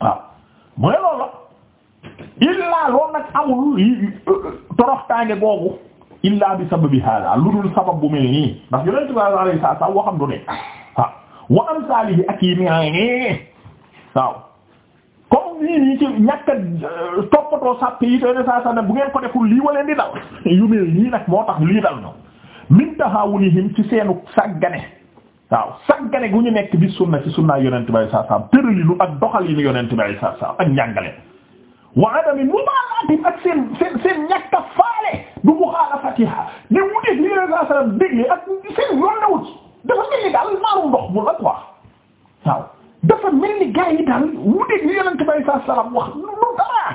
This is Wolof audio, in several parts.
waaw mooy loolu la illaa loolu nag amul toroxtaange googu illaa bi sababi hada lu dul sabab bu mel nii ndax yonent bi alayhi salaam waxam du ne waaw wa amsaalihi ak yi mel nii waaw comme nii nii ci ñàkk euh, toppatoo sàpp yi te yonent saa saa bu ngeen ko deful lii waleen di dal yu mel nii nag moo tax lii dal no min tahaawunihim ci seenu sàggane waaw saggane gu ñu nekk bi sunna ci sunnaay yonent bay saa saam tëralinu ak doxalinu yonent ak njàngale wa adami mubaalaati ak seen seen seen ñàkk a faale du muxaalafatiha ne wuteeg ak seen yoon na wut dafa mu la quoi waaw dafa mel ni gaa yi daal wuteeg li yonent bay saa saam wax lu dara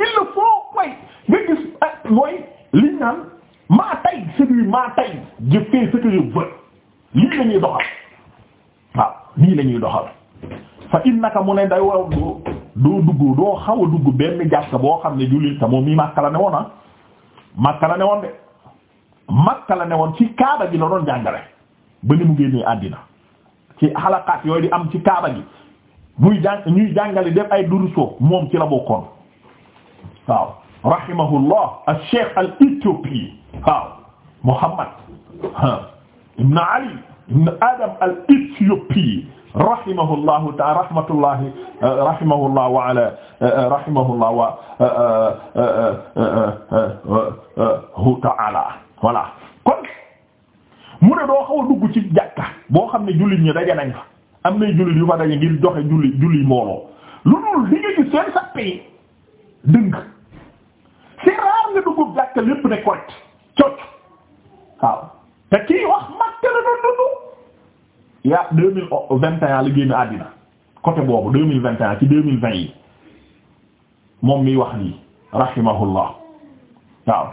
il le faut way nga gis ah, mooy liñ naan maa tay séduire maa tay je fais ce que je lii la ñuy doxal waaw lii la doxal fa innaka mu ne day waw doo dugg doo xaw a dugg benn jàkka boo xam ne jullit ta moom mii Makka la ne woon ah Makka la ne woon la ne ci kaaba gi la doon jàngale ba ni mu génnee àddina ci xalaqaat yooyu di am ci kaaba gi muy jàng ñuy jàngale def ay duruso moom ci la bokkoon waaw rahimahullah al cheikh al éthiopie waaw Muhammad ibn Ali ibn Adam al-Éthiopie rahimahullahu ta'ala rahmatullahi uh, rahimahullah wa ala uh, uh, rahimahullah wa ta'ala voilà kon mu ne doo xaw a dugg ci jàkka boo xam ne jullit ñi daje nañ fa am nay jullit yu fa daje ngir joxe julli julli mbooloo lu dul li nga gis seen sappe yi dëng c'est rare nga dugg jàkka lépp ne correct cot waaw te kii wax Makka la dundu yaa deux mille vingt et la génn àddina côté boobu deux mille vingt et ci deux mille vingt yi moom miy wax nii rahimahullah waaw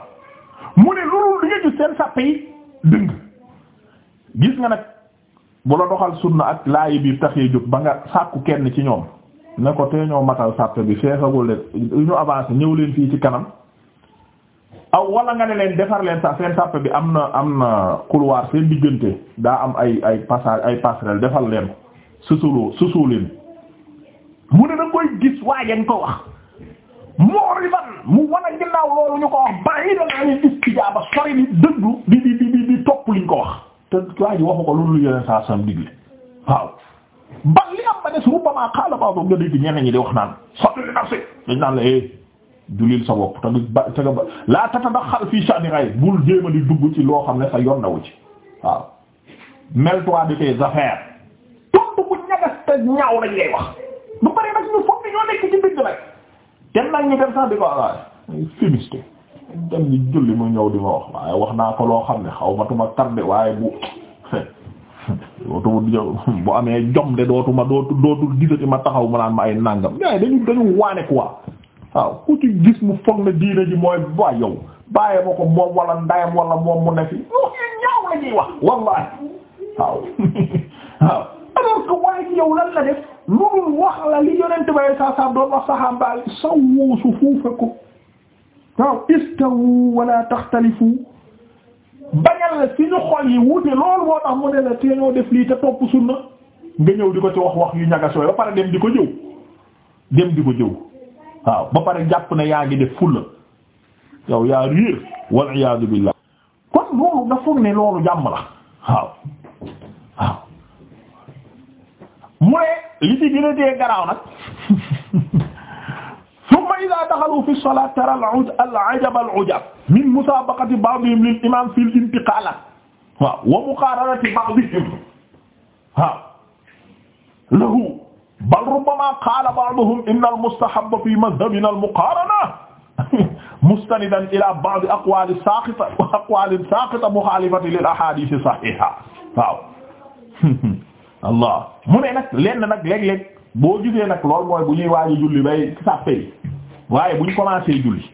mu ne loolu li nga gis seen sàppe yi dëng gis nga nag bu la doxal sunna ak laayi biir taxee jóg ba nga sàkku kenn ci ñoom ne ko tee ñoo matal sàppe bi feesagul de ñu avancé ñëw leen fii ci kanam aw walla nga ne leen defar leen sax seen sàppe bi am na am na couloir seen diggante daa am ay ay passage ay passerelle defar leen susuloo susuu leen mu ne da koy gis waajañ ko wax mooriban mu wan a ginnaaw loolu ñu ko wax bàyyi danaa ñu istijaaba sori di dëggu di di di di topp liñ ko wax te waa waxu ko loolu lu yeneen saa sam digle waaw ba am ba des rubbamaa xaala baax nga dégg ñeneen ñi di wax naan sotti li naf si dañ naan la eh julil sa bopp te ba te ba laa tatadaxal fii sha'ni ghayr bul jéem a di dugg ci loo xam ne sa yoon dawu ci waaw mêle de tes affaires. tontu bu ñagas te ñaaw lañ ñu dem sax di ko waaye ah, féministe dem di julli mu ñëw di ma wax waaye wax naa ko loo xam ne xaw ma tuma tardé waaye bu dootuma bu amee jom de dootuma dootu dootul gisati ma taxaw ma naan ma ay nàngam yaay dañu dañu waane quoi waaw ku ci gis mu foog na diina ji mooy ba yow bàyyi ma ko moom wala ndayam wala moom mu ne fi wax yu ñaaw la wax wallahi waaw waaw alors que waaye la def loolu wax la li yonent baye saa saa doon wax saxaambaal sawwu sufuufakum waaw istawu wala taxtalifu bañal la ci ñu xol yi wuute loolu moo tax mu ne la te ñoo def lii te topp sunna nga ñëw di ko ci wax wax yu ñagasooy ba pare dem di ko jëw dem di ko jëw waaw ba pare jàpp ne yaa ngi def fulla yow yaa réer wal iyaadu billah kon loolu nga foog ne loolu jàmm la waaw waaw mu ne li ci gën a dee garaaw nag summa idaa daxalu fi salaat tara al-ajab al-ujab min musaabaqati ba'dihim lil imaam fil intiqaalaat waaw wa muqaaranati ba'dihim waaw lahu bal kama qaala ba'duhum inna al-mustahabba fi madhhabina al-muqaarana mustanidan ila ba'di aqwaali saaqita wa aqwaali saaqita muxaalifati lil ahaadiis saxiixa waaw Allah mu ne nag lenn nag léeg-léeg boo gisee nag lool mooy bu ñuy waaji julli bay sàppe yi waaye buñ commencé julli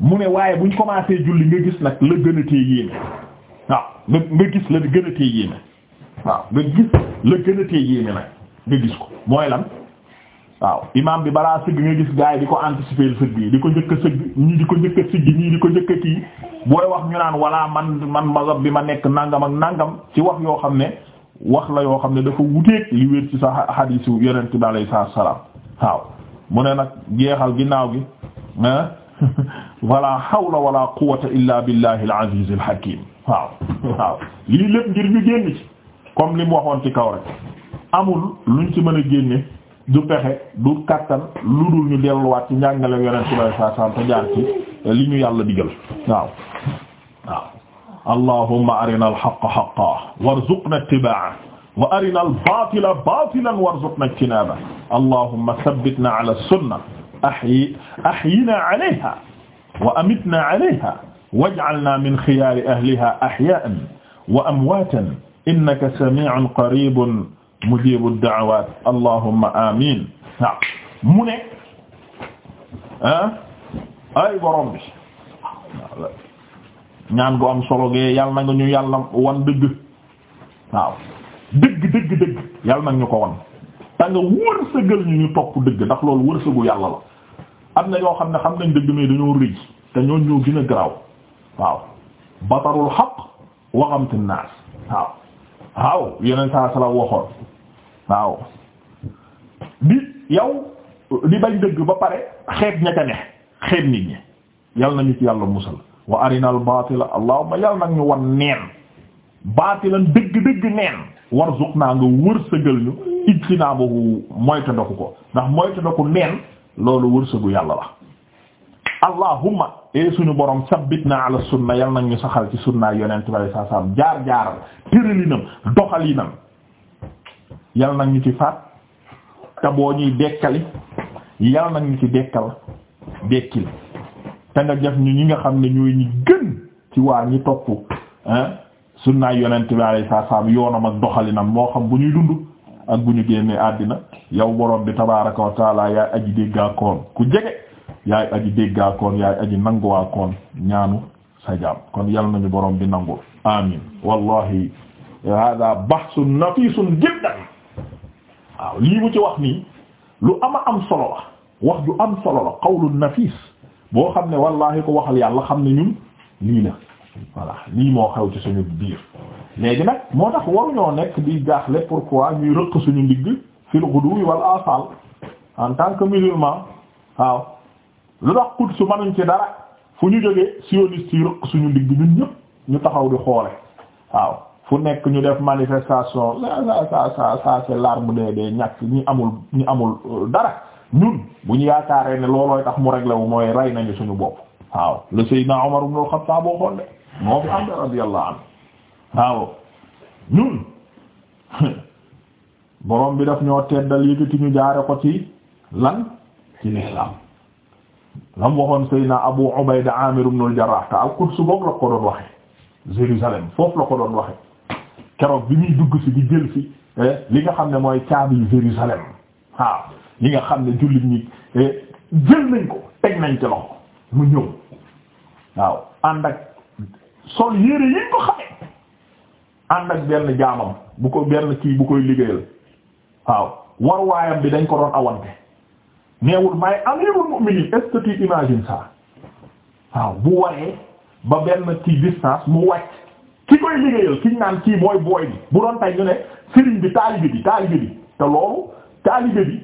mu ne waaye buñ commencé julli nga gis nag la gën a tee yéeme waaw nga nga gis la gën a tee yéeme waaw nga gis la gën a tee yéeme nag nga gis ko mooy lan waaw imam bi balaa sëgg nga gis gars yi di ko anticiper sëgg yi di ko njëkk a sëgg ñii di ko njëkk a sigg ñii di ko njëkk a kii booy wax ñu naan walla man man mazhab bi ma nekk nangam ak nangam ci wax yoo xam ne wax la yoo xam ne dafa wuteeg li wér ci sa hadis yu yonent bi alayhi salaam waaw mu ne nag jeexal ginnaaw gi ah wala hawla wala quwwata illa billahi al-aziz al-hakim waaw waaw lii lépp ngir ñu génn ci comme li mu waxoon ci kaw rek amul luñ ci mën a génne du pexe du kattan lu dul ñu delluwaat ci njàngale yonent bi sallallahu alayhi wasallam te jaar ci li ñu yàlla digal waaw waaw allahumma arina alxaqa xaqa warzuqna ittibaa wa arina albatila batilan warzuqna ijtinaba allahumma sabbitna ala sunna ahyi ahyina alayha wa amitna alayha waj'alna min xiyaari ahliha ahya'an wa amwaatan innaka sami'un qaribun mujibu da'awaat allahumma amiin waaw mu ne ah ay borom bi waaw ñaan gu am solo gee yal na ñu yàlla wan dëgg waaw dëgg dëgg dëgg yal na ñu ko wan te nga wërsëgal ñu ñu topp dëgg ndax loolu wërsëgu yàlla la am na yoo xam ne xam nañ dëgg mais dañoo rëy te ñoo ñoo gën a garaaw waaw batarul xaq waxamti naas waaw waaw yeneen saa sala waxoon waaw bi yow di bañ dëgg ba pare xeet ña ca ne xeet nit ñi yal nañu ci yàlla musal wa arinal baatila allahumma yal nag ñu wan neen baatilan dëgg-dëgg neen warzuqnaa nga wërsëgal ñu ijtinaabahu moytandiku ko ndax moytandiku neen loolu wërsëgu yàlla la allahumma ee suñu borom sabbitna ala sunna yal nag ñu saxal ci sunnaay yonent bi sallallahu alayhi wasallam jaar jaaral tëralinam doxalinam yal nag ñu ci faat te boo ñuy dekkali yal nag ñu ci dekkal dekkil te nga def ñu ñi nga xam ne ñooy ñi gën ci waa ñi topp sunnaay yonent bi alayhi salaam yoonam ak doxalinam moo xam bu ñuy dund ak bu ñu génnee àddina yow boroom bi tabaaraka wa taala yaay aji déggaakoon ku jege yaay aji déggaakoon yaay aji nanguwaakoon ñaanu sa jaam kon yal nañu borom bi nangu amin wallahi hada bahsun nafisun jiddan waaw lii mu ci wax nii lu ama am solo la wax ju am solo la qawlu nafis boo xam ne wallaahi ko waxal yàlla xam ne ñun lii la voilà lii moo xew ci suñu biir léegi nag moo tax waruñoo nekk di pour pourquoi ñuy rëq suñu ndigg fil ghudu wal asal en tant que musulman waaw lu tax xut su mënuñ ci dara fu ñu jógee sioniste yi rëq suñu ndigg ñun ñëpp ñu taxaw di xoole waaw fu nekk ñu def manifestation ça ça ça ça c'est l'arme des des ñàkk ñi amul ñi amul euh, dara ñun bu ñu yaakaaree ne loolooy tax mu réglé wu mooy rey nañu suñu bopp waaw le Seydina Omar ibn al-Khattab boo xool de moo fi am radiyallahu anhu waaw ñun borom bi daf ñoo teddal yëkkati ñu jaare ko ci lan ci l'islam lam waxoon Seydina Abu Ubayda Amir ibn al-Jarrah te al-Quds boog la ko doon waxe Jérusalem foofu la ko doon waxe keroog bi muy dugg si di jël si eh, li nga xam ne mooy caabi Jérusalem waaw li nga xam ne jullit ñi eh, jël nañ ko teg nañ ci mu ñëw waaw ànd ak sol yére yi ko xame ànd ak benn jaamam bu ko benn kii bu koy liggéeyal waaw war waayam bi dañ ko doon awante neewul may amirul mu'minin est-ce que tu imagines waaw bu waree ba benn ci distance mu wàcc ki koy liggéeyal ki ñu naan kii mooy booy bi bu doon tay ñu ne sëriñ bi taalibe bi taalibe bi te loolu taalibe bi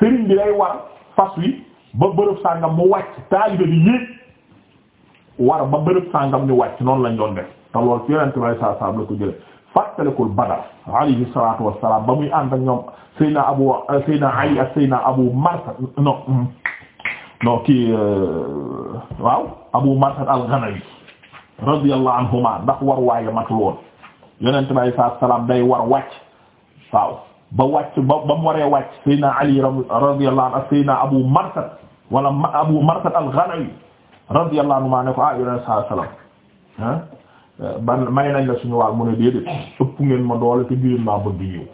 sëriñ bi day war fas wi ba bërëb sàngam mu wàcc taalibe bi yéeg war ba bërëb sàngam ñu wàcc noonu lañ doon def te loolu ci yonente way saa salam la ko jële fàttalikul Badar alayhi salatu wassalam ba muy ànd ak ñoom Seydina Abu Seydina Ali ak Seydina Abu Marsad non non kii euh, waaw Abu Marsad al-Ghanawi radiyallahu anhuma ndax war waaye matul woon yonent bi saa salaam day war wàcc waaw ba wàcc ba ba mu waree wàcc Seydina Ali radiyallahu anhu ak Seydina Abu Marsad wala Abu Marsad al-Ghanawi radiyallahu anhuma ne ko ah yonent saa salaam ah ban may nañ la suñu waal mu ne déedéet ëpp ngeen ma doole te biir naa bëgg ñëw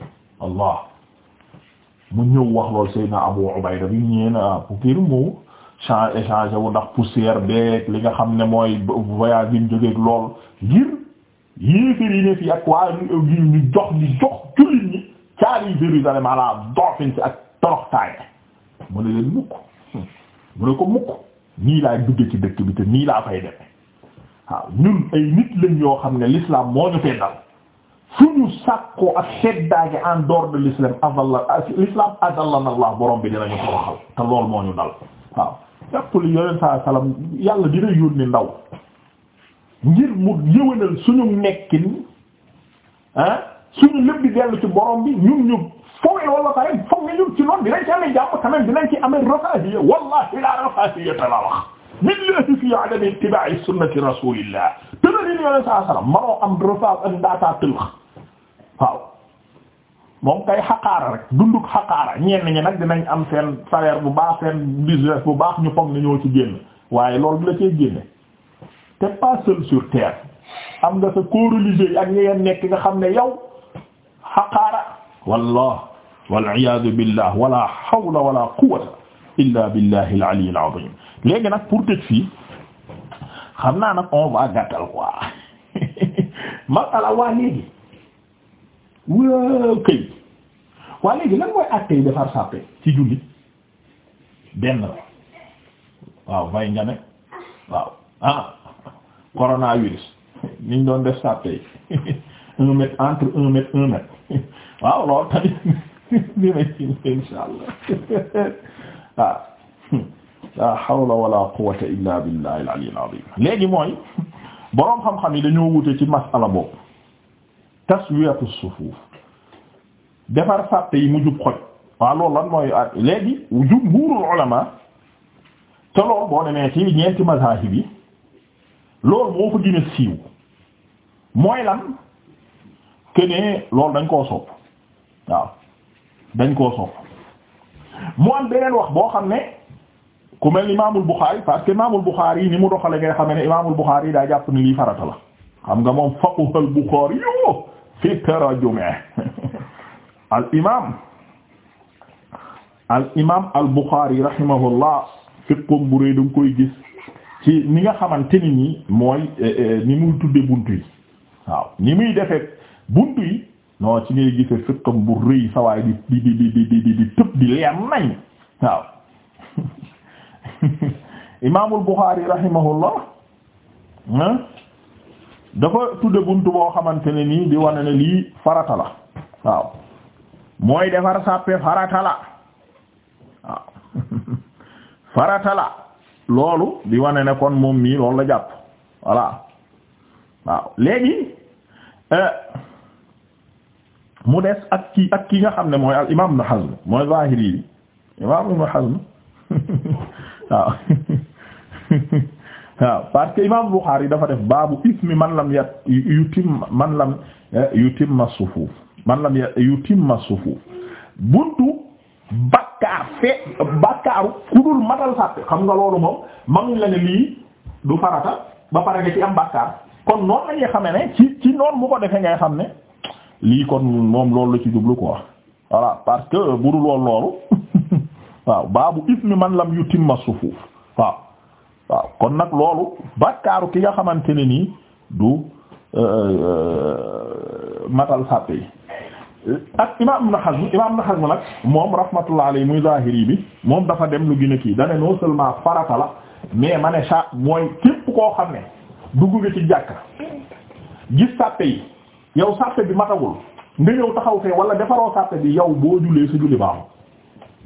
Allah mu ñëw wax lool Seydina Abu Ubayda bi ñëwee na ah pour kii change échange wu ndax poussière beeg li nga xam ne mooy voyage bi mu jógeeg lool ngir yéefér yi ne fi ak waa ñu ñu jox ñu jox jullit ñi caari Jérusalem ala dofin si ak toroxtaane mu ne leen mukk mu ne ko mukk nii laay dugge ci dëkk bi te nii laa fay deme waaw ñun ay nit lañ yoo xam ne l'islam moo ñu fee dal suñu sàkkoo ak seddaage en dehors de l'islam azalla l'islam azallana Allah borom bi dinañu toroxal te lool moo ñu dal waaw jàpp li yoneen saa salaam yàlla dina yónni ndaw ngir mu yëwénal suñu nekkin ah suñu lépp di dellu ci borom bi ñun ñu fowee wala pare foog nga ñun ci noonu dinañ ci amee jàpp quand même dinañ ci amee rafahiya wallahi la rafahiya ta la wax billahi fi adami ittiba'i sunnati rasulillah te la li yoneen saa salaam manoo am rafa ak ndaataa tëlx waaw moom kay xaqaara rek dunduk xaqaara ñenn ñi nag dinañ am seen salaire bu baax seen business bu baax ñu foog ne ñoo ci génn waaye loolu bi la cee génne te pas seul sur terre am nga sa co-religieux ak ñi nekk nga xam ne yow xaqaara wallah wal iyaadu billah wala hawla wala quwwata illa billahi al ali al léegi nag pour tëj fii xam naa nag on va gàttal quoi masala waa léegi waaw kay waaye léegi lan mooy àttee defar sàppe ci julli benn waaw may nga ne waaw ah coronavirus niñ doon def sàppe yi un mètre entre un mètre un mètre insha allah waaw ah, la hawla wala quwwata illa billahi al-aliyyil azim léegi mooy boroom xam-xam yi dañoo wute ci masala boobu taswiyatu sufuf defar sàtte yi mu jub xoj waaw loolu lan mooy at ah, léegi jumhurul ulama te loolu boo ne demee ci ñeenti mazahib bi lool moo fa gën a siiw mooy lan que ne loolu dañ koo sopp waaw dañ koo sopp mu am beneen wax boo xam ne ku mel ni imaamul Buxaari parce que imaamul Buxaari yi ni mu doxale ngay xam ne imaamul Buxaari yi daa jàpp ni lii farata la xam nga moom faqhul Buxaari yo fi tarjuma al imaam al imaam al Bukhari rahimahullah fiqum bu rëy da nga koy gis ci ni nga xamante ni nii mooy eh, eh, ni muy tudde bunt yi waaw ni muy defee buntu yi non ci ngay gisee fiqum bu rëy sawaay di di di di di tëb di leer nañ waaw imaamul Bukhari rahimahullah dafa tudde buntu boo xamante ne nii di wane na lii farata la waaw. mooy defar sàppe faratala la loolu di wane ne kon moom mii loolu la jàpp voilà waaw léegi euh, mu des ak ki ak ki nga xam ne mooy al imaam Ibn Hazm mooy zahiri yi imaam Ibn Hazm waaw waaw parce imaam Bukhari dafa def baabu ismi man lam yat yutim man lam euh, yutimma sufuf man lam yutimma sufu buntu bakkaar fe bakkaaru ku dul matal sàppe xam nga loolu moom manuñ la ne lii du farata ba pare nga ci am bakkaar kon noonu lañuy xame ne ci ci mu ko defee ngay xam ne lii kon moom loolu ci jublu quoi voilà parce que budul woon loolu waaw baabu ismi man lam yutimma sufuuf waaw waaw kon nag loolu bakkaaru ki nga xamante ne nii du euh, euh, matal sàppe ak imaam Ibn Hazm imaam Ibn Hazm nag moom rahmatullah alayhi muy zahiri bi moom dafa dem lu gën a kii da ne non seulement farata la mais ma ne sa mooy képp koo xam ne dugg bi ci jàkka gis sàppe yi yow sàppe bi matagul nga ñëw taxaw fee wala defaroo sàppe bi yow boo jullee sa julli baaxul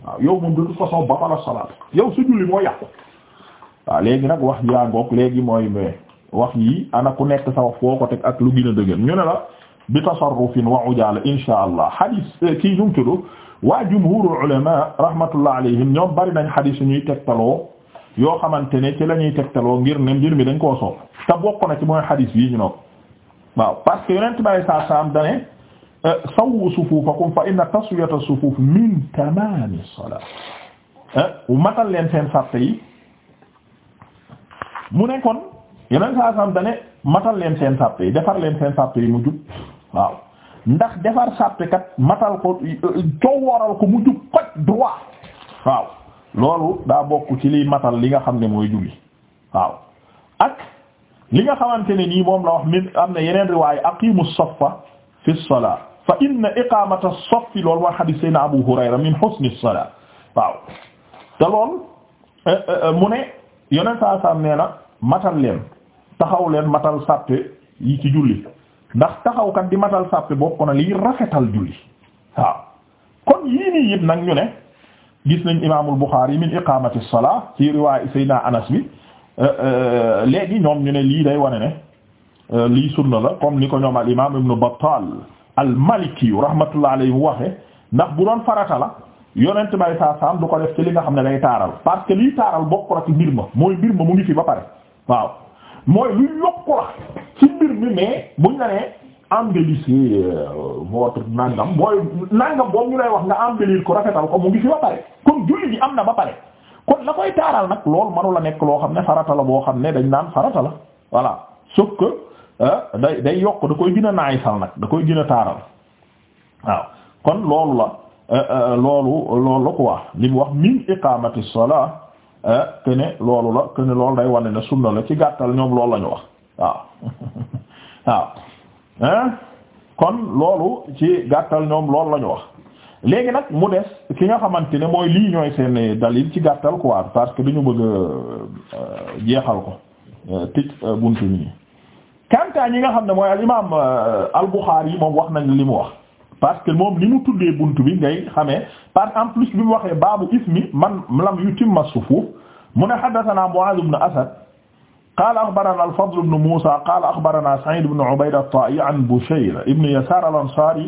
waaw yow moom de toute façon bafala salaat yow sa julli moo yàqu waaw léegi nag wax yaa ngoog léegi mooy wax yi ana ku nekk sa wax foo teg ak lu gën a dëgër ñu ne la bi tasarrufin wa ujaala insha allah eh, waa jumhurul ulama rahmatullah alayhim ñoom bari nañ hadith ñuy tegtaloo yoo xamante ne ci la ñuy tegtaloo ngir ne mbir mi dañ koo sopp te bokk na ci mooy hadith yi ñu noonu waaw parce que yonent sa saa saam dane sawwu sufuufakum fa inna taswiyata sufuuf min tamaami salaat eh, matal leen seen sàppe yi mu ne kon yeneen saa saam dane matal leen seen sàppe yi defar leen seen sàppe yi mu jub waaw ndax defar sàppekat matal ko cooworal ko mu jub koj droit waaw loolu daa bokk ci liy matal li nga xam ne mooy julli waaw ak li nga xamante ne nii moom la wax min am na yeneen riwaaya aqimu saffa fi salaa fa inna iqamata saffi loolu waa xadiis sayna Abu Hurayra min husni salaa waaw te lool eh, eh, mu ne yeneen saa saam na matal leen taxaw leen matal sàppe yi ci julli ndax taxawkat di matal sàppe bokk na liy rafetal julli waaw kon yii nii yëpp nag ñu ne gis nañ imaamul Buxaari min iqamati salaa ci riwaay Seydina Anas bi euh, euh, léegi ñoom ñu ne lii day wane ne euh, lii sunna la comme ni ko ñoom al imaam ibnu Battaal al maliki rahmatullah alayhi waxe ndax bu doon farata la yonent bay saa saam du ko def ci li nga xam ne day taaral parce que liy taaral bokk la mbir ma mooy mbir ma mu ngi fi ba pare waaw mooy luy yokku la mbir mi mais buñ la nee euh, nangam mooy nangam boobu ñu lay wax nga embellir ko rafetal ko mu ngi ba pare kon julli bi am na ba pare kon la koy taaral nag loolu manu nekk loo xam ne farata la boo xam ne dañ naan farata la voilà sauf euh, day day yokk da koy gën a naayisal nag da koy gën a taaral waaw kon loolu la euh, loolu loolu la quoi li mu wax min iqamati salah kene loolu la kene loolu day wane ne sunna la ci gàttal ñoom loolu la ñu wax waaw waaw hein kon loolu ci gàttal ñoom loolu la ñu wax léegi nag mu des ki nga xamante ne mooy lii ñooy seen dalil ci gàttal quoi parce que dañu bëgg a euh, jeexal ko euh, tij euh, buntu mi kanta ñi nga xam ne mooy al imaam al yi moom wax nañ li mu wax parce que moom ni mu tuddee buntu bi ngay xamee parce en plus bi mu waxee baabu ismi man lam yutimma sufuf mu ne haddathana Mu'adh na Asad qaala axbaranaa al-Fadl ibn Muusaa qaala axbaranaa Sa'iid ibn Ubayd at-Taa'i an Bushayr ibn Yasaar al-Ansaari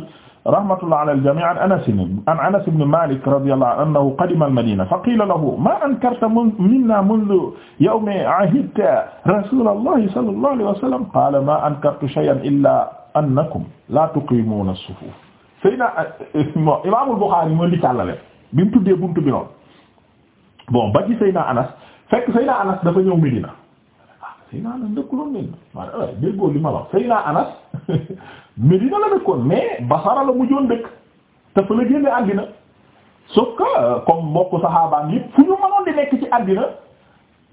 rahmatullahi alal jamii' an Anas an Anas ibn Maalik radiyallahu anhu annahu qadima al-Madiina faqiila lahu maa ankarta minnaa mundu yawmi ahidta rasuulallahi sallallahu alayhi wa sallam qaala maa ankartu shay'an illaa annakum laa tuqiimuuna as-sufuuf. Sayyidinaa Imaamul Buxaari mooy li tàllale bi mu tuddee buntu bi noonu bon ba ci Sayyidinaa Anas fekk Sayyidinaa Anas dafa ñëw Madiina Seydina Anas dëkkuloon Medina maanaam aywa déggoo li ma la wax Seydina Anas Medina la dëkkoon mais Basara la mujjoon dëkk te fa la génne àddina sauf que comme mbokk saxaabaan yëpp fu ñu mënoon di nekk ci àddina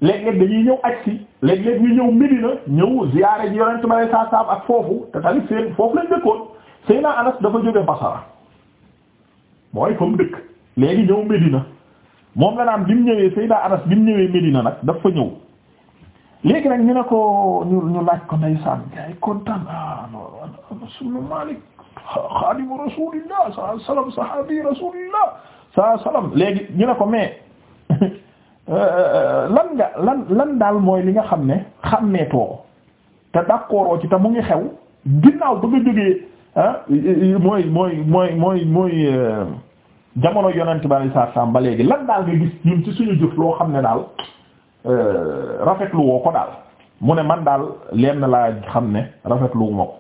léeg-léeg dañuy ñëw aj si léeg ñu ñëw Medina ñëw ziyaare ji Yonent bi alayhi salaatu salaam ak foofu te tamit seen foofu lañ dëkkoon Seydina Anas dafa jóge Basara mooy fa mu dëkk léegi ñëw Medina moom la naan bi mu ñëwee Seydina Anas bi mu ñëwee Medina nag dafa ñëw. léegi nag ñu ne ko ñu ñu laaj ko ndeysaan gars yi kontaan su ah, non sunu Maalik xaadimu rasuulillah sa salam sahaabi rasuulillah sa salam léegi ñu ne ko mais euh, euh, lan nga lan lan daal mooy li nga xam ne xàmmeetoo te d'accord ci te mu ngi xew ginnaaw ba nga jógee ah, mooy mooy mooy mooy mooy euh, jamono yonent bi sallallahu alayhi wasallam ba léegi lan daal nga gis ñun ci suñu jëf loo xam ne daal. Euh, rafetlu woo ko daal mu ne man daal lenn laa xam ne rafetlu ma ko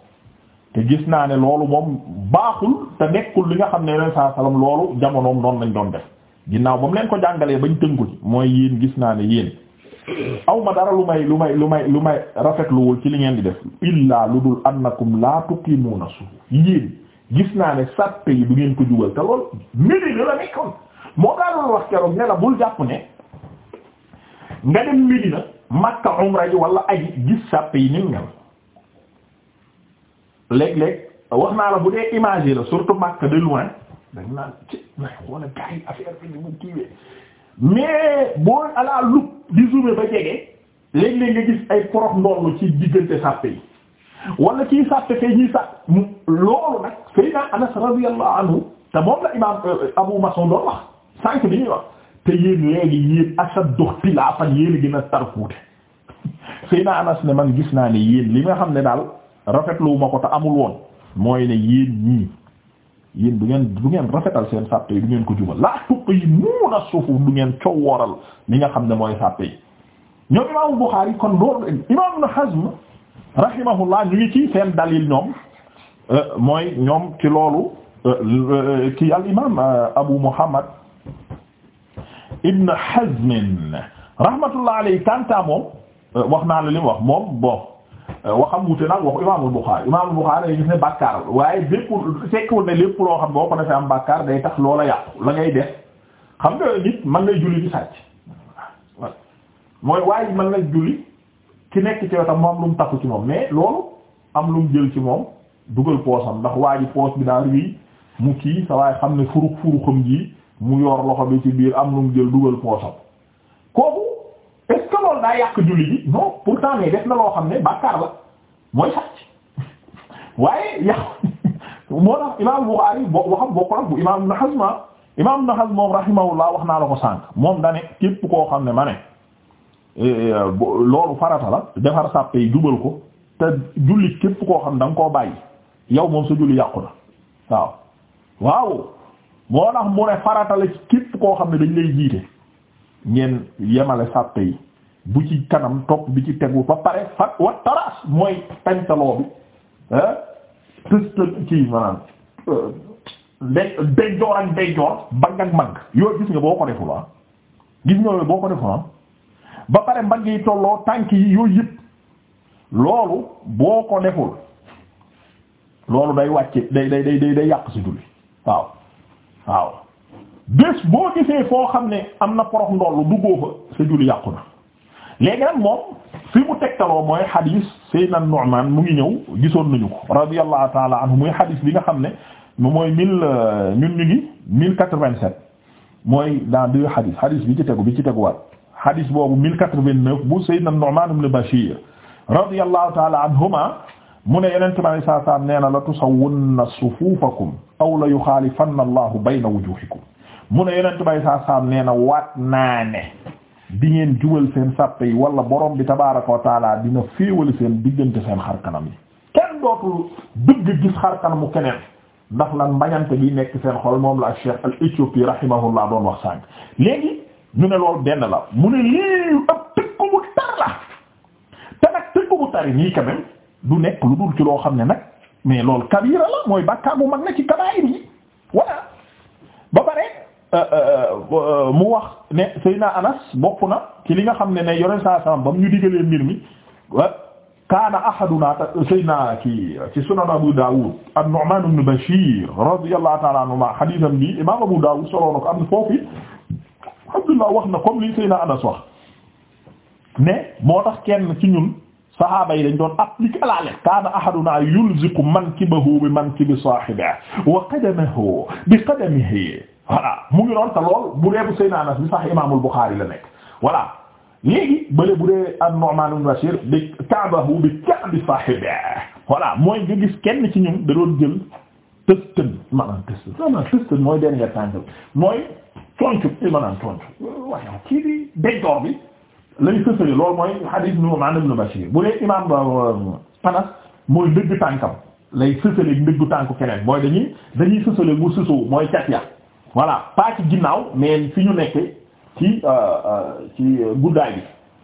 te gis naa ne loolu moom baaxul te nekkul li nga xam ne yeneen saa salaam loolu jamonoom noonu lañ doon def ginnaaw ba mu leen ko jàngalee bañ tënku ci mooy yéen gis naa ne yéen aw dara lu may lu may lu may lu may rafetluwul ci li ngeen di def illaa lu dul annakum laa tuqimuuna su yéen gis naa ne sàppe yi du ngeen ko jugal te loolu mbiri la nekkoon moo daa doon wax keroog ne bul nga dem Medina Makka umra ji wala ak gis sàpp yi nim mel léeg-léeg wax naa la bu dee image la surtout Makka de loin dañ naan ci na wala gars yi bi ni mu kiiwee mais boo alaa lup di zoomé ba jege léeg-léeg nga gis ay porox ndollu ci diggante sàpp yi wala ciy sàppe fee ñuy sàpp loolu nag Seydina Anas radiyallahu te moom la imam euh, Abu Mas'ud doon wax sànq bi ñuy wax te yéen léegi yéen ashaddu ikhtilaafan yéen a gën a tarkuute Seydina Anas ne man gis naa ne yéen li nga xam ne daal rafetlu ma ko te amul woon mooy ne yéen ñii yéen du ngeen du ngeen rafetal seen sàppe yi du ngeen ko jubal laa tuq yi nuuna sufuf du ngeen coow wooral li nga xam ne mooy sàppe yi ñoom imaamu Buxaari kon loolu imaam Ibn Hazm rahimahullah ñu ngi ci seen dalil ñoom euh, mooy ñoom ci loolu euh, euh, ki al imaam Abu Muhammad ibn Hazm rahmatullah alayhi kanta moom euh, wax naa la li wax moom bon euh, waxam wute nag wax imaamul Buxaari imaamul Buxaari day gis ne bàkkaar waaye bépp fekkwul ne lépp loo xam boo ko defee am bàkkaar day tax loola yàqu la ngay def xam nga nit mën ngay julli di sàcc mooy waaye mën na julli ki nekk moom lu mu takku ci moom mais loolu am lu mu jël ci moom dugal poosam ndax waa ji poos bi daa ruy mu kii sa waaye xam ne furuk furuxam ji mu yor loxo bi ci biir am lu mu jël dugal poosam kooku est loolu daa yàq julli ji non pourtant mais na loo xam ne bàkkaar la mooy sàcc waaye yàq moo tax imaam Buxaari bo waxam bokkul ak bu imaam Ibn Hazm ah. imaam Ibn Hazm moom rahimahullah wax naa la ko sànq moom dane képp koo xam ne ma ne eh, eh, loolu farata la defar sàppe yi jubal ko te julli képp koo xam da koo bàyyi yow moom sa julli yàqu na waaw waaw moo tax mu ne farata la ci képp koo xam ne dañ lay jiite ngeen yemale sàpp yi bu ci kanam topp bi ci tegu ba pare fat wa mooy pentaloo bi tëstal kii maanaam ndey euh, ndeyjoor ak ndeyjoor mbagg ak mbagg yooyu gis nga boo ko deful ah gis nga boo ko deful ah ba pare mbagg yi tolloo tànk yi yooyu yëpp loolu boo ko deful loolu day wàcce day day day day yàq si julli waaw waaw bés boo gisee foo xam ne am na porox ndollu duggoo fa sa julli yàqu na léegi nag moom fi mu tegtaloo mooy xadiis Seydina Nu'man mu ngi ñëw gisoon nañu ko radiyallahu taala anhu muy xadiis bi nga xam ne mu mooy mille ñun ñu ngi mille quatre-vingt-sept mooy dans deux xadiis xadiis bi ci tegu bi ci teguwaat xadiis boobu mille quatre-vingt-neuf bu Seydina Nu'man ibn Bashir radiyallahu taala anhuma mu ne yeneen tubaab yi nee na la tusawwunna sufuufakum aw la yuxaalifanna Allahu bayna wujuuhikum mu ne yeneen tubaab yi saa saa nee na waat naa ne di ngeen jubal seen sàppe yi wala borom bi tabaaraka wa taala dina féewali seen diggante seen xar kanam yi kenn dootul dëgg gis xar kanamu keneen ndax lan mbañante bi nekk seen xol moom la ak Cheikh al Éthiopie rahimahullah doon wax sànq léegi ñu ne loolu benn la mu ne lii ab tëkku bu la te nag tëkku tari nii du nekk lu dul ci loo xam ne nag mais loolu kabira la mooy bàkkaar bu mag na ci kabaayir yi ba pare euh, euh, euh, mu wax ne Seydina Anas bokk na ci li nga xam ne ne yoneen saa salaam ba mu ñu diggalee mbir mi kaana ahaduna Seydina ki ci sunan Abu Dawud an-Nu'man ibn Bashir radiyallahu ta'ala anhuma hadiisam bi imam Abu Dawud soloo na ko am na foofu wax na comme li Seydina Anas wax ne moo tax kenn ci ñun saxaaba yi dañ doon appliquer la lettre kaana ahaduna yulziqu mankibahu bi mankibi saahibihi wa qadamahu bi qadamihi voilà mu ngi noonu te lool bu dee bu Seydina Anas bi sax Imaamul Buxaari la nekk voilà léegi bële bu dee an-Nu'maan ibn Bashiir bi ka'bahu bi ka'bi saahibihi voilà mooy nga gis kenn ci ñun da doon jël tëstën maanaam tëstën maanaam tëstën mooy dernier tànk mooy tontu maanaam tontu waaye kii bi lay fësale loolu mooy hadith nu Nu'man ibn Bashir bu dee imam euh, Anas mooy ndëgg tànkam lay fësale ndëggu tànku keneen mooy dañuy dañuy fësale mu sësoo mooy cat ya voilà pas ci ginnaaw mais fi ñu nekk ci euh, euh, ci guddaay bi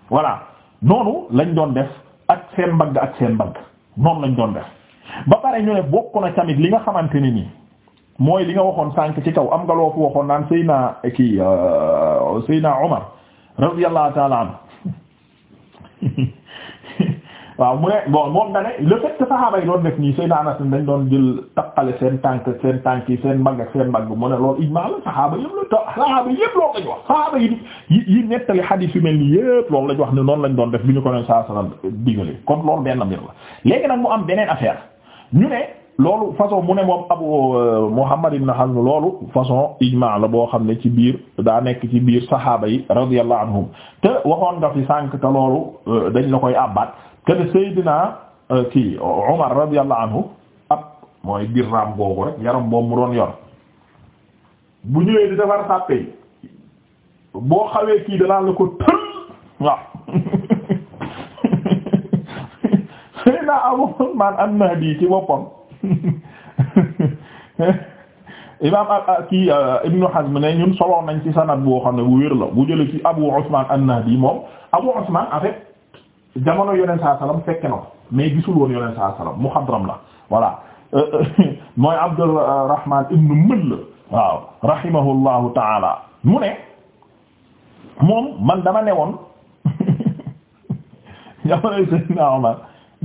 voilà noonu lañ doon def ak seen mbagg ak seen mbagg noonu lañ doon def ba pare ñu ne bokk na tamit li nga xamante ni nii mooy li nga waxoon sànk ci kaw am nga loo ko waxoon naan Seyna kii Seyna Omar radiyallahu ta'ala anhu waaw mu ne bon moom da ne le fait que saxaaba yi doon def nii Seydina Anas dañ doon jël tappale seen tànk seen tànk yi seen mbagg seen mbagg mu ne loolu ijmaa la saxaaba saxaaba yëpp loolu lañu wax saxaaba yi yi yi nettali xadiis yu mel nii yëpp loolu lañu wax ne noonu lañ doon def bi ñu ko leen saa sallam digale kon loolu benn mbir la léegi nag mu am beneen affaire ñu ne loolu façon mu ne moom abu euh, Muhammad ibn Hazm loolu façon ijmaa la boo xam ne ci biir daa nekk ci biir saxaaba yi radiyallahu anhum te waxoon nga fi sànq te loolu euh, dañ la koy àbbaat te ne euh, kii Umar radiyallahu anhu ab mooy biir raam rek yaram boobu mu doon yor bu ñëwee di defar sàppe boo xawee kii danaan la ko tër waaw Seydina Abu Usmaan an-Nahdi ci boppam imaam ah, ah, kii ah, Ibnu Hazm ne ñun solo nañ ci sanad boo xam ne bu wér la bu jële ci Abu Usman an-Nahdi moom Abu Usman en fait jamono yoneen saa salaam fekke na ko gisul woon yoneen saa salaam muxadram la voilà euh, euh, mooy Abdurrahman ibnu Mull waaw rahimahullahu taala mu ne moom man dama ne woon jamonoy Seydina Omar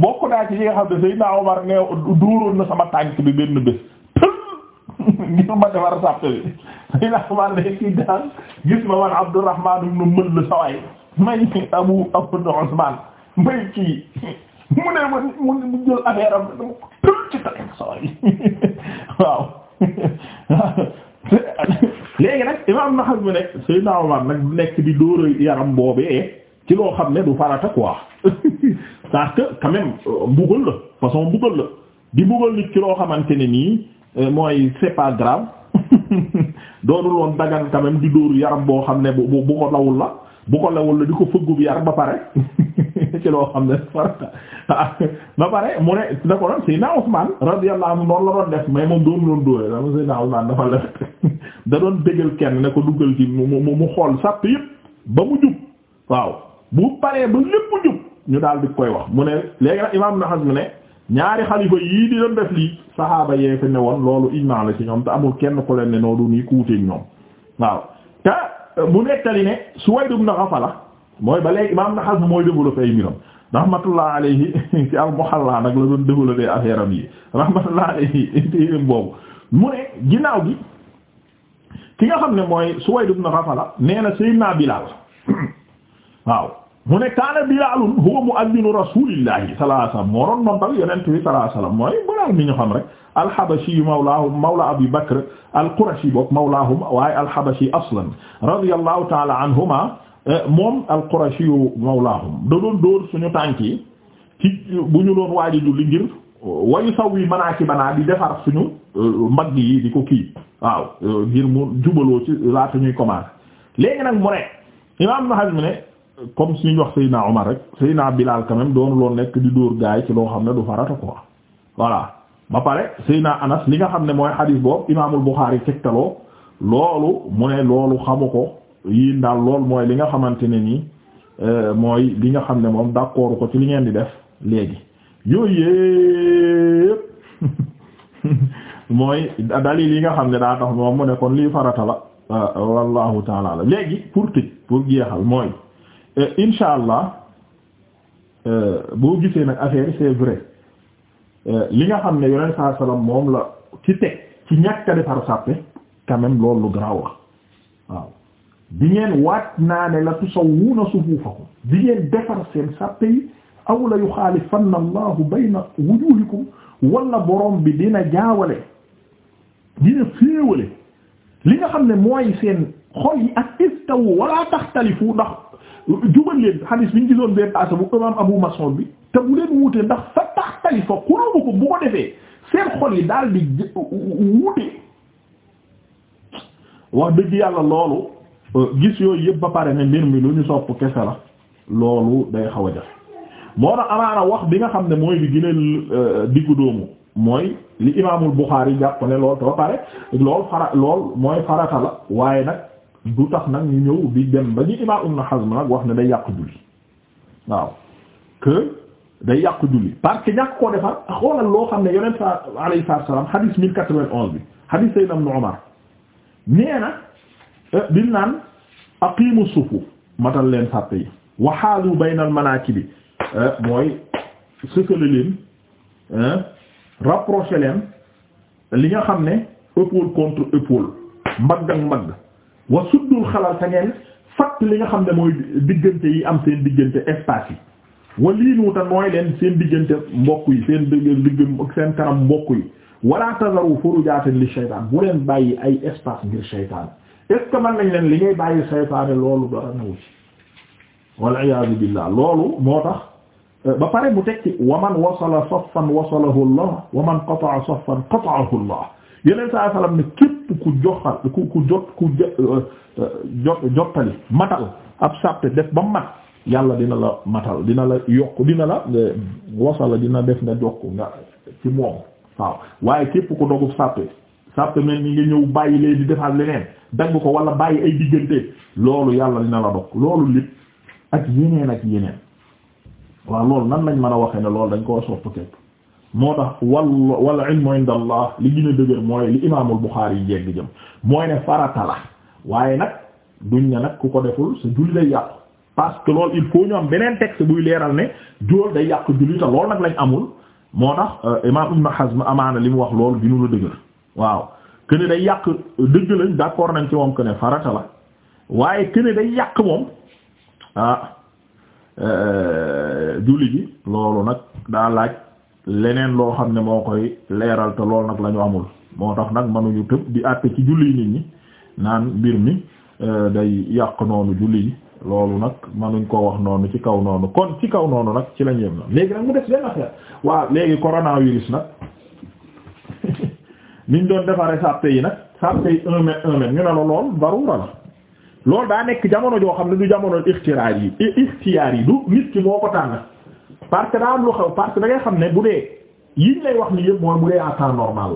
bokk naa ci yi nga xam ne Seydina ne duuroon na sama tànk bi benn bés tël ma defar sàppe bi Seydina Omar ne ci daal gis ma man Abdourahman ibn Mëll sawaay may Abu Abu Usman may kii mu ne mu jël affaire am dama ko tël ci tànk sawaay waaw léegi nag imam Ibn Hazm ne Seydina Omar nag nekk di dóora yaram boobee ci loo xam ne du farata quoi parce que quand même euh, mbugal la façon mbugal la di mbugal nit ci loo xamante ne nii euh, mooy c'est pas grave woon dagan quand di dóor yaram boo xam ne bu bu ko lawul la bu ko lawul la di ko fëggub yar ba pare ci loo xam ne farata ba pare mu ne da ko doon Seydina Ousmane yàlla am noonu la doon def mais moom doonu doon dóore dama Seydina Ousmane dafa la da doon déggal kenn ne ko duggal ci mu mu xool sàpp yëpp ba mu jub waaw bu paree ba lépp jub ñu daal di koy wax mu ne léegi nag imaam naxas mu ne ñaari xalifa yii di doon def lii saxaaba yee fi ne woon loolu ijmaa la ci ñoom te amul kenn ku leen ne noo du nii ku wuteek ñoom waaw te euh, mu nettali ne Suwayd na Ghafala mooy ba léegi imaam naxas mooy développé ay mbiram rahmatullah alayhi ci al-Muhalla nag la doon développé affaire am yi rahmatullah alayhi téereem boobu mu ne ginnaaw gi ki nga xam ne mooy Suwayd ibn Ghafala nee na Sayyidina Bilaal waaw mu ne kaana bilaalun huwa muaddinu rasulillahi sallallahu alayhi wasallam moo doon nontal yonent bi sallallahu alayhi wasallam mooy bilaal mi ñu xam rek alxabashi mawlaahum mawla abi bakr alqurashi boog mawlaahum waaye alxabashi aslan radiyallahu taala anhuma moom alqurashi mawlaahum da doon dóor suñu tànk yi ci bu ñu doon waaji julli ngir wayu saw yi manaakibanaa di defar suñu mbagg yi di ko kii waaw ngir mu jubaloo ci laata ñuy commencé léegi nag mu ne imaam Ibn Hazm comme suñu wax Seydina Omar rek Seydina Bilal quand même doon loo nekk di dóor gaay ci loo xam ne du farata quoi voilà ba pare Seydina Anas li nga xam ne mooy xadiis boobu Imaamul Buxaari tegtaloo loolu mu loolu xamu ko yii daal loolu li nga xamante ne nii euh, mooy li nga xam ne moom d'accord ko ci li ngeen di def léegi yooyu yëpp mooy dalil yi nga xam ne daa tax moom mu ne kon lii farata la euh, wallahu taala léegi pour tëj pour jeexal mooy. incha allah euh, boo gisee nag affaire c'est vrai euh, li nga xam ne yonent saa salaam moom la ci teg ci ñàkk a defar sàppe quand même loolu lu garaaw la waaw di ngeen waat naa ne la tusawwuna sufuufakum di ngeen defar seen sàppe yi aw la yuxaalifanna allahu bayna wujuuhikum wala borom bi dina jaawale dina féewale li nga xam ne mooy seen xol yi ak istawu wala taxtalifu ndax. jubal leen xadiis bi ñu gisoon bee passé bu imam Abu Mas'ud bi te bu leen wuute ndax fa taxtalifa qulubukum bu ko defee seen xol yi daal di wuute dëgg yàlla loolu euh, gis yooyu yëpp ba pare ne mbir mi lu ñu sopp kese la loolu day xaw a moo tax amaana wax bi nga xam ne mooy bi gën a euh, diggu doomu mooy li imaamul Buxaari jàpp ne loolu te pare lool fara lool mooy farata la waaye nag du tax nag ñu ñëw di dem ba ñu imaam Ibn Hazm nag wax ne day yàq julli waaw que day yàq julli parce que ñàkk koo defar xoolal loo xam ne yonent sa alayhi salaam hadith 1091 bi hadith Sayyidina Ibn Umar nee na eh, di naan aqimu sufu matal leen sàpp yi waxaalu baynal bi eh, mooy sëkkale leen eh, rapproché leen li nga xam ne épaule contre épaule mbagg mbagg wa suddul xalal te ngeen fatt li nga xam ne mooy diggante yi am seen diggante espace yi wa liinu te nooy leen seen diggante mbokk yi seen digg seen kanam mbokk yi wala tazaru furujaatin li shaytaan bu leen bàyyi ay espace ngir shaytaan est ce que mën nañ leen li ngay bàyyi shaytaane loolu dara newu ci wal iyaazu billaah loolu moo tax euh, ba pare mu tekki wa man wasala saffan wasalahu allah wa man qata'a saffan qata'ahu allah yeneen saa sallam ne képp képp ku joxal ku ku jot ku euh, euh, jot jottali matal ab sàppe def ba mat yàlla dina la matal dina la yokk dina la euh, wasala dina def nga jokk nga ci moom waaw waaye képp ku dogub sàppe sàppe mel ni nga ñëw bàyyi lee di defaat leneen dagg ko wala bàyyi ay diggante loolu yàlla dina la dog loolu lépp ak yeneen ak yeneen waaw loolu nan lañ man a waxee ne loolu dañ koo sopp képp moo tax wal wal ilmu inda allah li gën a dëgër mooy li imaamul Buxaari yi jégg jëm mooy ne farata la waaye nag duñ ne nag ku ko deful sa julli day yàqu parce que loolu il faut ñu beneen texte buy leeral ne jool day yàqu julli te loolu nag lañ amul moo tax euh, imaam Ibn Hazm amaana li mu wax loolu gënu la dëgër waaw que yàq dëgg lañ d'accord nañ ci moom que farata la waaye que ne yàq moom ah euh, julli ji nag daa laaj. leneen loo xam ne moo koy leeral te lool nag la ñu amul moo tax nag mënuñu tëb di àtte ci julli nit ñi naan mbir mi euh, day yàq noonu julli loolu nag mënuñ ko wax noonu ci kaw noonu kon ci kaw noonu nag ci la ñu yem na léegi nag mu def benn affaire waa léegi coronavirus nag niñ doon defaree sàppe yi nag sàppe yi un mètre un ñu ne la lool darura la daa nekk jamono joo xam ne du jamono ixtiraar yi ixtiyaar yi du nit ki moo ko tànn parce que daa am lu xew parce que da ngay xam ne bu dee yiñ lay wax ni yëpp mooy bu dee à normal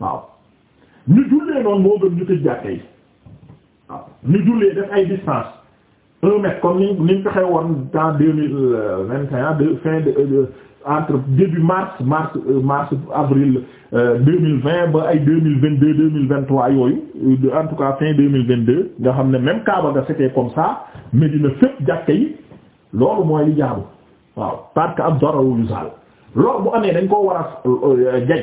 la waaw ñu jullee noonu moo gën ñu tëj jàkke yi waaw jullee def ay distance un mètre ni ni ñu xew woon dans deux mille euh, vingt et un de euh, euh, ba ay deux mille vingt deux deux mille vingt trois yooyu en tout cas fin deux mille vingt deux nga xam ne même Kaaba ga c'était comme ça mais dina fépp yi loolu mooy li waaw parce que ab dara wu yusaal loolu bu amee dañ koo war a euh, jañ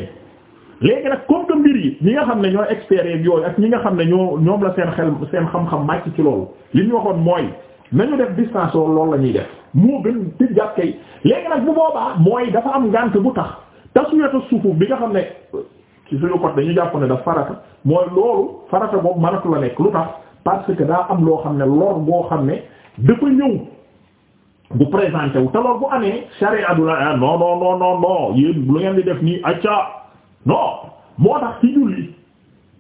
léegi nag comme que mbir yi ñi nga xam ne ñoo experts yeeg yooyu ak ñi nga xam ne ñoo ñoom la seen xel seen xam-xam màcc ci loolu li ñu waxoon mooy nañu def distance loolu la ñuy def moo gën ci jàpp kay léegi nag bu boobaa mooy dafa am ngànt bu tax tasuyatu sufuuf bi nga xam ne ci suñu côté dañu jàpp ne daf farata mooy loolu farata boobu mënatu la nekk lu tax parce que daa am loo xam ne lor boo xam ne dafa ñëw. bu présenté wu te loolu bu amee sharia du la ah, non non non non non def nii acca non moo tax ci julli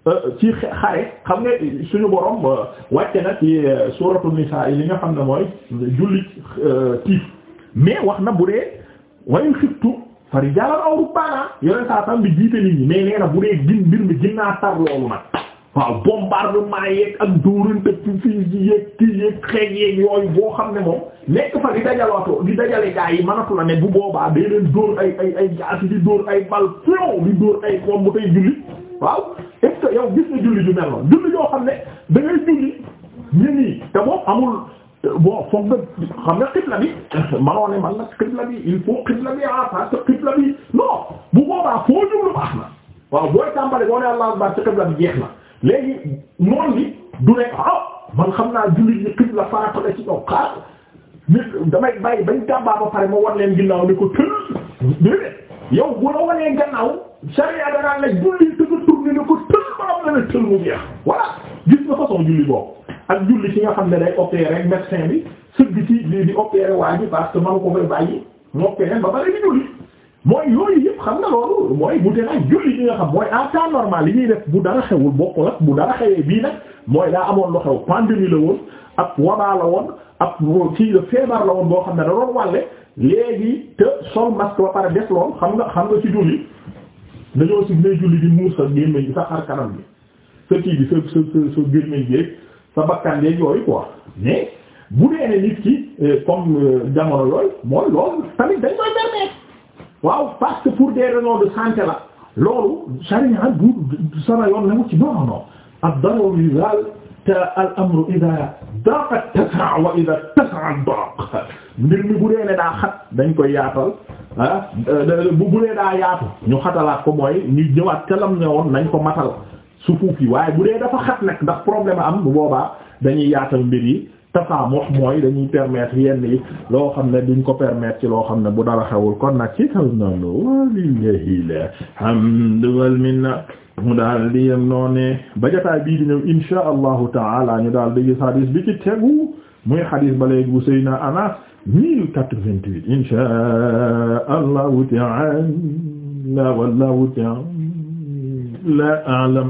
euh, ci xare xam nga suñu borom euh, wàcce na ci euh, suratu nisaa yi li nga xam ne mooy julli tiif mais wax na bu dee wayu xittu fari jàllal aw rubbaana yoneen saa tam bi jiite nit ñi mais nee bu dee gin mbir mi gin loolu nag waaw bombardement yeeg ak dóorante fii ji yeeg kii xeej yeeg yooyu boo xam ne moom nekk fa di dajalato di dajale gaa yi mënatu la ne bu boobaa day leen dóor ay ay ay jaasi di ay bal flow di dóor ay bomb tey julli waaw est ce yow gis nga julli ju mel noonu julli yoo xam ne da ngay julli ñu nii te moom amul bon foog nga xam nga xibla bi manoo ne man nag xibla bi il faut xibla bi ah parce xibla bi non bu boobaa foo jublu baax na waaw booy tàmbale boo ne Allah akbar ci xibla léegi noon bi du ne ah, man xam naa jullit ñi xibla farata la ci ñoom xaar nit damay bàyyi bañ gàmbaa ba pare ma wan leen ginnaaw ni ko tël déedéet yow bu la wanee gannaaw sariya danaan la julli te nga tourné ne ko tël maam la ne tël mu jeex voilà gis nga façon julli boobu ak julli ci nga xam ne day opérer rek médecin bi sëgg ci lii di opérer waa ji parce que manu ko fay bàyyi mu opérer ba pare di julli mooy yooyu yëpp xam nga loolu mooy bu dee nag julli ñi nga xam mooy en temps normal li ñuy def bu dara xewul bokkul ak bu dara xewee bii nag mooy daa amoon loxo xew pandémie la woon ab wabaa la woon ab kii la feebar la woon boo xam ne da doon wàlle léegi te sol masque ba pare def lool xam nga xam nga ci julli dañoo si ne julli di muur sa gémmiñ bi sa xar kanam bi sa kii bi sa sa sa gémmiñ bi sa bakkan yeeg yooyu quoi mais bu dee ne nit ki eh, comme eh, jamono yooyu waaw parce que pour des raisons de la loolu sharia bu sama yoon na mu ci non non ad-daruri zal te al-amru idha daqa tasaa wa idha tasaa daaq mbir mi bu dee ne daa xat dañ koy yaatal ah euh, bu bu dee daa yaatu ñu xatalaat ko mooy ñu ñëwaat kalam ne woon nañ ko matal sufuuf yi waaye bu dee dafa xat nag ndax problème am bu boobaa dañuy yaatal mbir yi tasaamox mooy dañuy permettre yenn yi loo xam ne duñ ko permettre ci loo xam ne bu dara xewul kon nag ci kaw noonu walillahi alhamdu wal minna mu daal di yem noonee ba jotaay bii di ñëw inshaa allahu taala ñu daal di gis hadis bi ci tegu muy hadis ba léegi bu Seydina Anas 1088 inshaa allahu taala wallahu taala a'lam